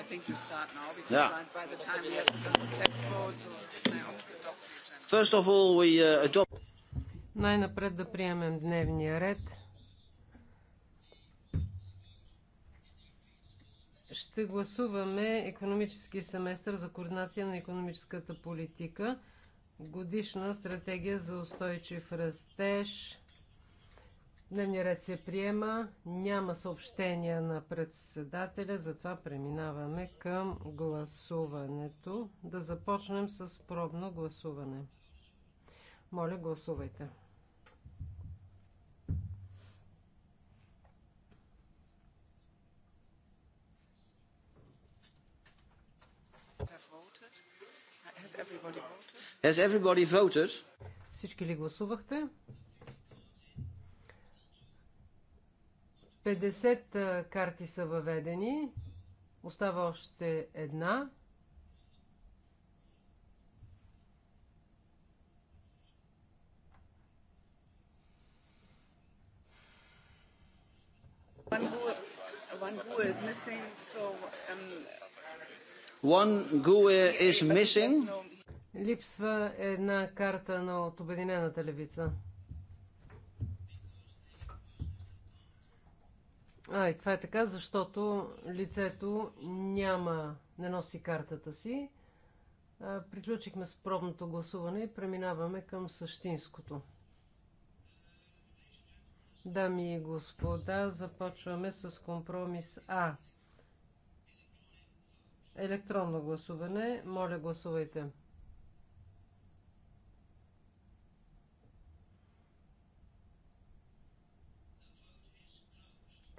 I think you start now because yeah. by the time we have the tech votes First of all, we uh, adopt... Най-напред да приемем дневния ред. Ще гласуваме економически семестър за координация на економическата политика, годишна стратегия за устойчив растеж 2021-2027. Дневният ред се приема. Няма съобщения на председателя, затова преминаваме към гласуването. Да започнем с пробно гласуване. Моля, гласувайте. Has everybody voted? Всички ли гласувахте? 50 карти са въведени. Остава още една. One GUE, is missing, um, e is missing. Липсва една карта на от Обединената левица. А, и това е така, защото лицето няма, не носи картата си. Приключихме с пробното гласуване и преминаваме към същинското. Дами и господа, започваме с компромис А. Електронно гласуване. Моля, гласувайте.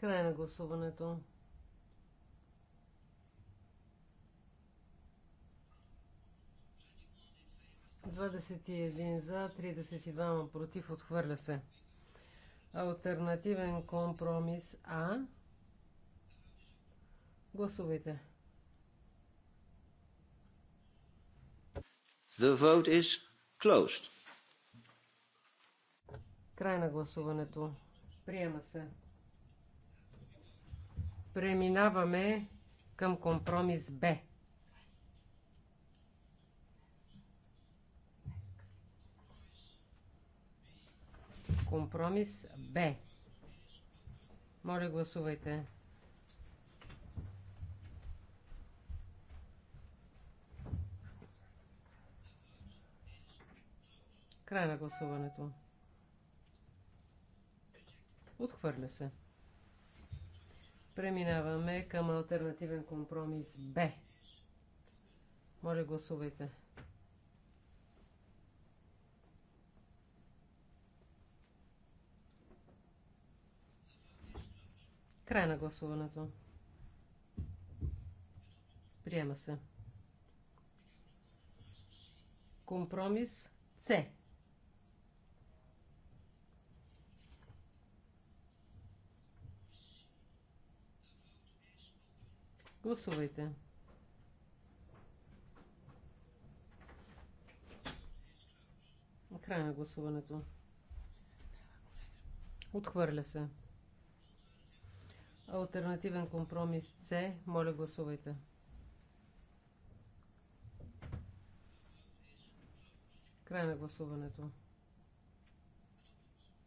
Край на гласуването. Двадесет и един за, 32 против, отхвърля се. Алтернативен компромис А. Гласувайте. The vote is closed. Край на гласуването. Приема се. Преминаваме към компромис Б. Компромис Б. Моля, гласувайте. Край на гласуването. Отхвърля се. Преминаваме към альтернативен компромис Б. Моля, гласувайте. Край на гласуването. Приема се. Компромис С. Гласувайте. Край на гласуването. Отхвърля се. Альтернативен компромис С. Моля, гласувайте. Край на гласуването.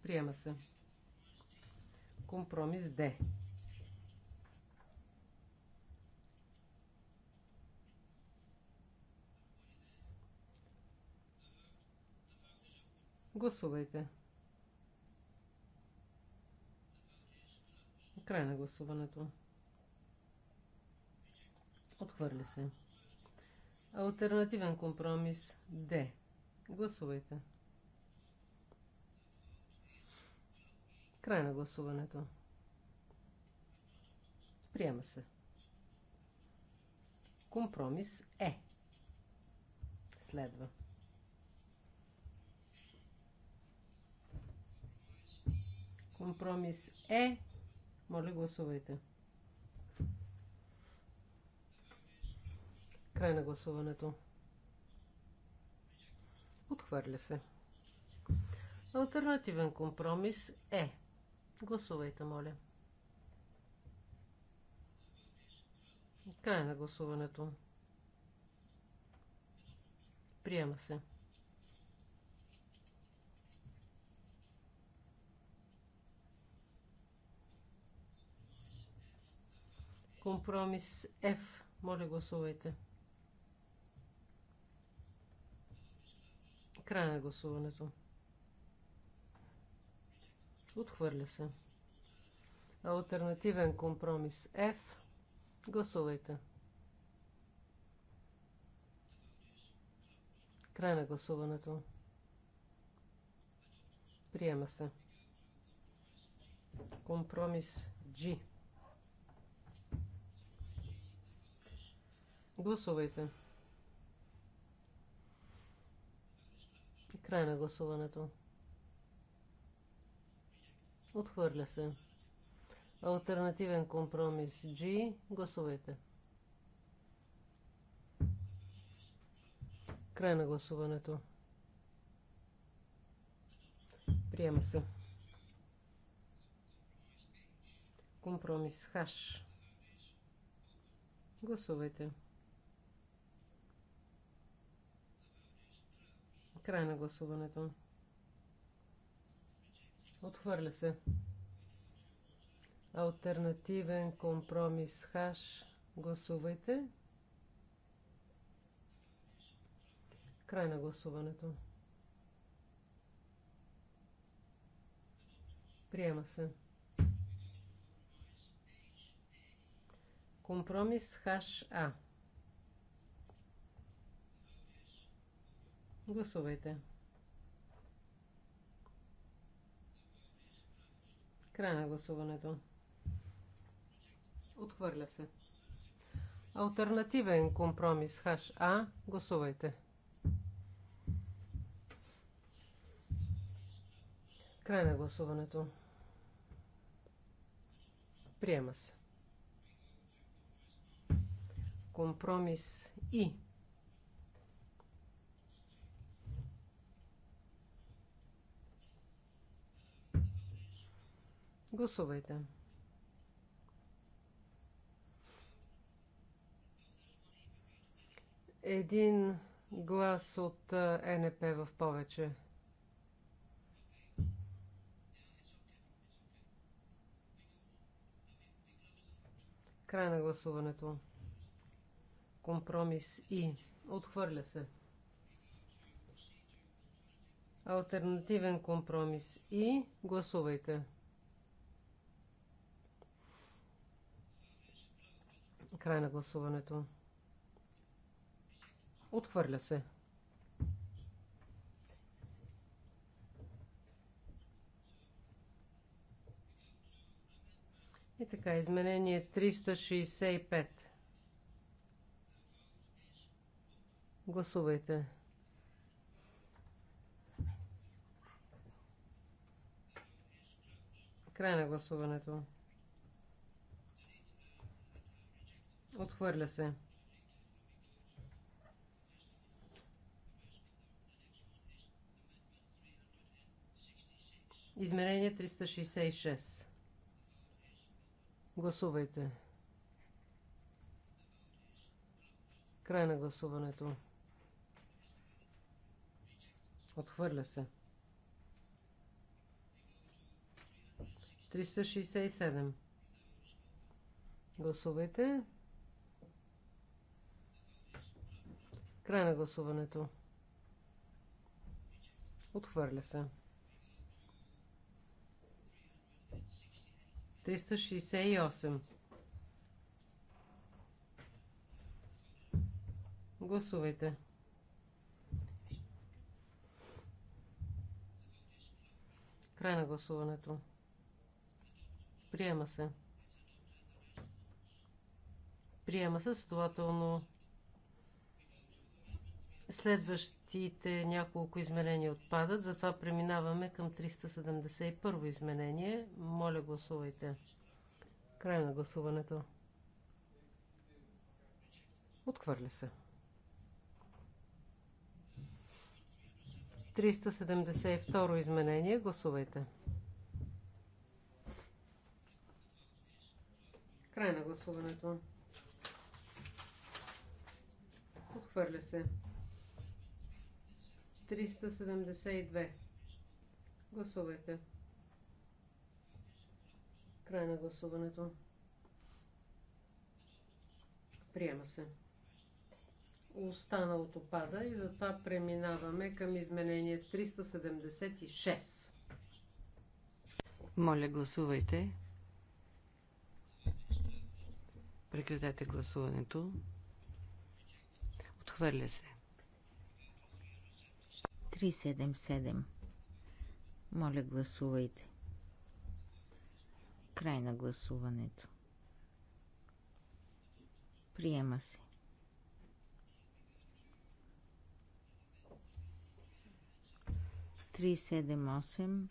Приема се. Компромис Д. Гласувайте. Край на гласуването. Отхвърли се. Альтернативен компромис Д. Гласувайте. Край на гласуването. Приема се. Компромис Е. Следва. Компромис Е. Моля, гласувайте. Край на гласуването. Отхвърля се. Альтернативен компромис Е. Гласувайте, моля. Край на гласуването. Приема се. Компромис F. Моля, гласувайте. Край на гласуването. Отхвърля се. Алтернативен компромис F. Гласувайте. Край на гласуването. Приема се. Компромис G. Гласувайте. край на гласуването. Отхвърля се. Альтернативен компромис G. Гласувайте. Край на гласуването. Приема се. Компромис H. Гласувайте. Край на гласуването. Отхвърля се. Алтернативен компромис хаш. Гласувайте. Край на гласуването. Приема се. Компромис хаш А. Гласувайте. Край на гласуването. Отхвърля се. Альтернативен компромис хаш А. Гласувайте. Край на гласуването. Приема се. Компромис И. Гласувайте. Един глас от НП в повече. Край на гласуването. Компромис И. Отхвърля се. Алтернативен компромис И. Гласувайте. Край на гласуването. Отхвърля се. И така, изменение 365. Гласувайте. Край на гласуването. Отхвърля се. Измерение 366. Гласувайте. Край на гласуването. Отхвърля се. 367. Гласувайте. Край на гласуването. Отхвърля се. 368. Гласувайте. Край на гласуването. Приема се. Приема се, следователно Следващите няколко изменения отпадат, затова преминаваме към 371 изменение. Моля, гласувайте. Край на гласуването. Отхвърля се. 372 изменение. Гласувайте. Край на гласуването. Отхвърля се. 372. Гласувайте. Край на гласуването. Приема се. Останалото пада и затова преминаваме към изменение 376. Моля, гласувайте. Прекратете гласуването. Отхвърля се. 377. Моля, гласувайте. Край на гласуването. Приема се. Три, седем, осем.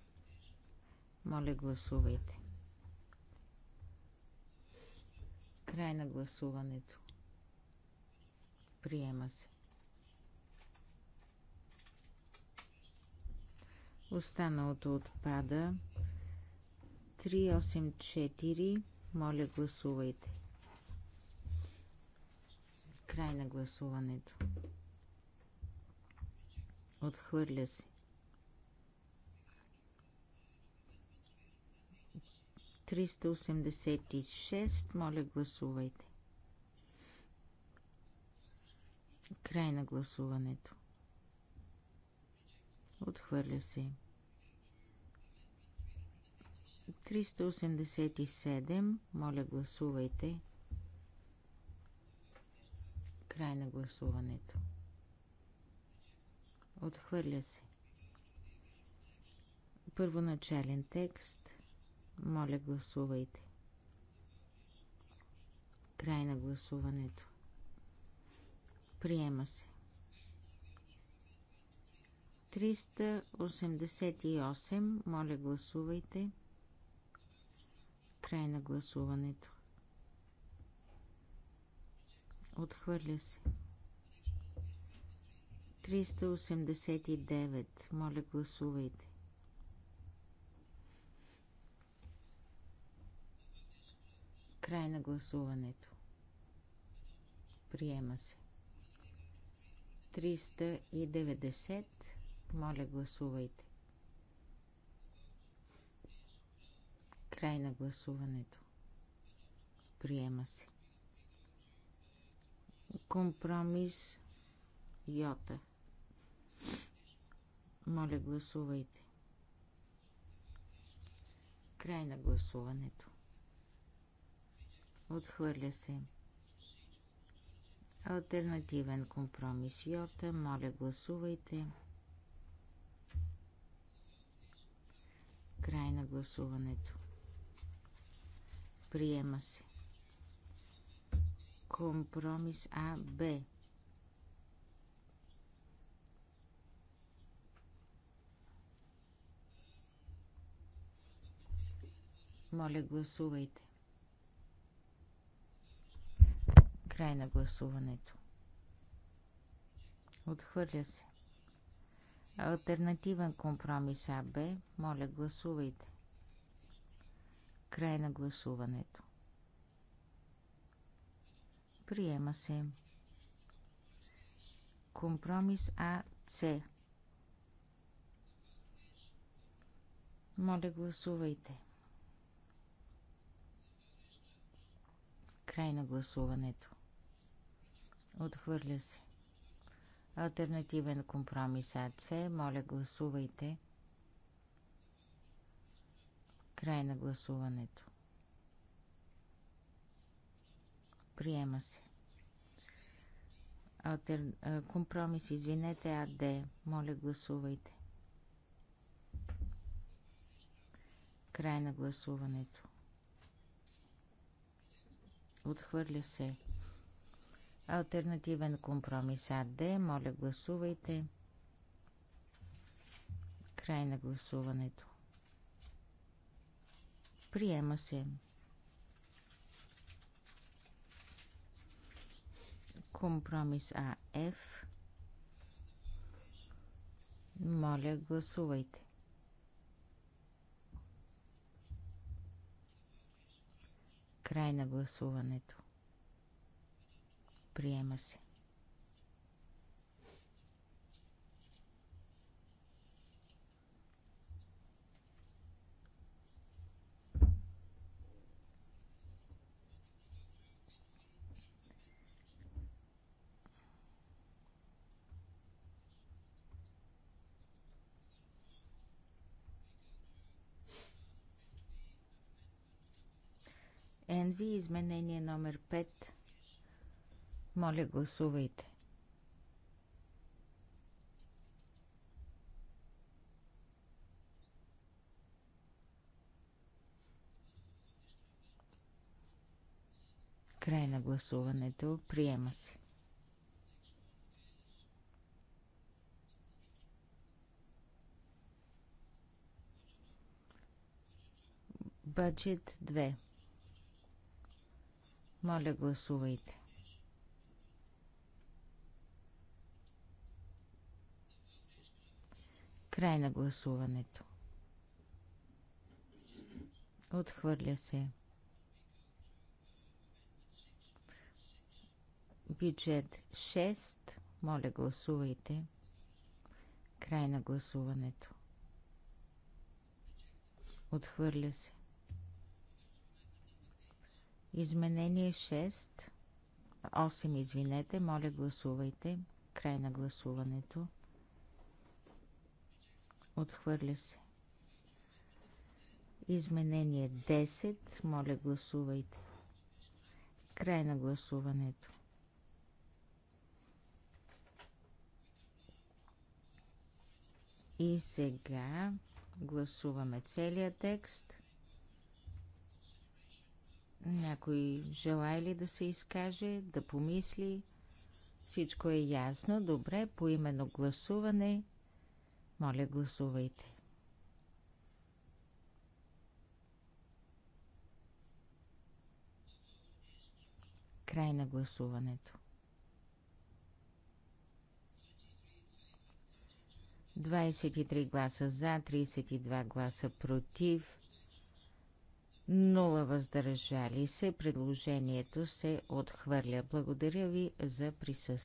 Моля, гласувайте. Край на гласуването. Приема се. Останалото отпада. 384. Моля, гласувайте. Край на гласуването. Отхвърля се. 386. Моля, гласувайте. Край на гласуването. Отхвърля се. 387. 387. Моля, гласувайте. Край на гласуването. Отхвърля се. Първоначален текст. Моля, гласувайте. Край на гласуването. Приема се. 388. Моля, гласувайте. Край на гласуването. Отхвърля се. 389. Моля, гласувайте. Край на гласуването. Приема се. 390. Моля, гласувайте. Край на гласуването. Приема се. Компромис Йота. Моля, гласувайте. Край на гласуването. Отхвърля се. Альтернативен компромис Йота. Моля, гласувайте. Край на гласуването. Приема се. Компромис А, Б. Моля, гласувайте. Край на гласуването. Отхвърля се. Альтернативен компромис АБ. Моля, гласувайте. Край на гласуването. Приема се. Компромис АЦ. Моля, гласувайте. Край на гласуването. Отхвърля се. Альтернативен компромис АЦ. Моля, гласувайте. Край на гласуването. Приема се. Алтер... Компромис, извинете, АД. Моля, гласувайте. Край на гласуването. Отхвърля се. Альтернативен компромис АД. Моля, гласувайте. Край на гласуването. Приема се. Компромис АФ. Моля, гласувайте. Край на гласуването. Приема се. Енви, изменение номер 5. Моля, гласувайте. Край на гласуването. Приема се. Бюджет 2. Моля, гласувайте. Край на гласуването. Отхвърля се. Бюджет 6. Моля, гласувайте. Край на гласуването. Отхвърля се. Изменение 6. 8, извинете, моля гласувайте. Край на гласуването. Отхвърля се. Изменение 10. Моля гласувайте. Край на гласуването. И сега гласуваме целия текст. Някой желая ли да се изкаже, да помисли? Всичко е ясно, добре, по именно гласуване. Моля, гласувайте. Край на гласуването. 23 гласа за, 32 гласа против – Нула въздържали се. Предложението се отхвърля. Благодаря ви за присъствието.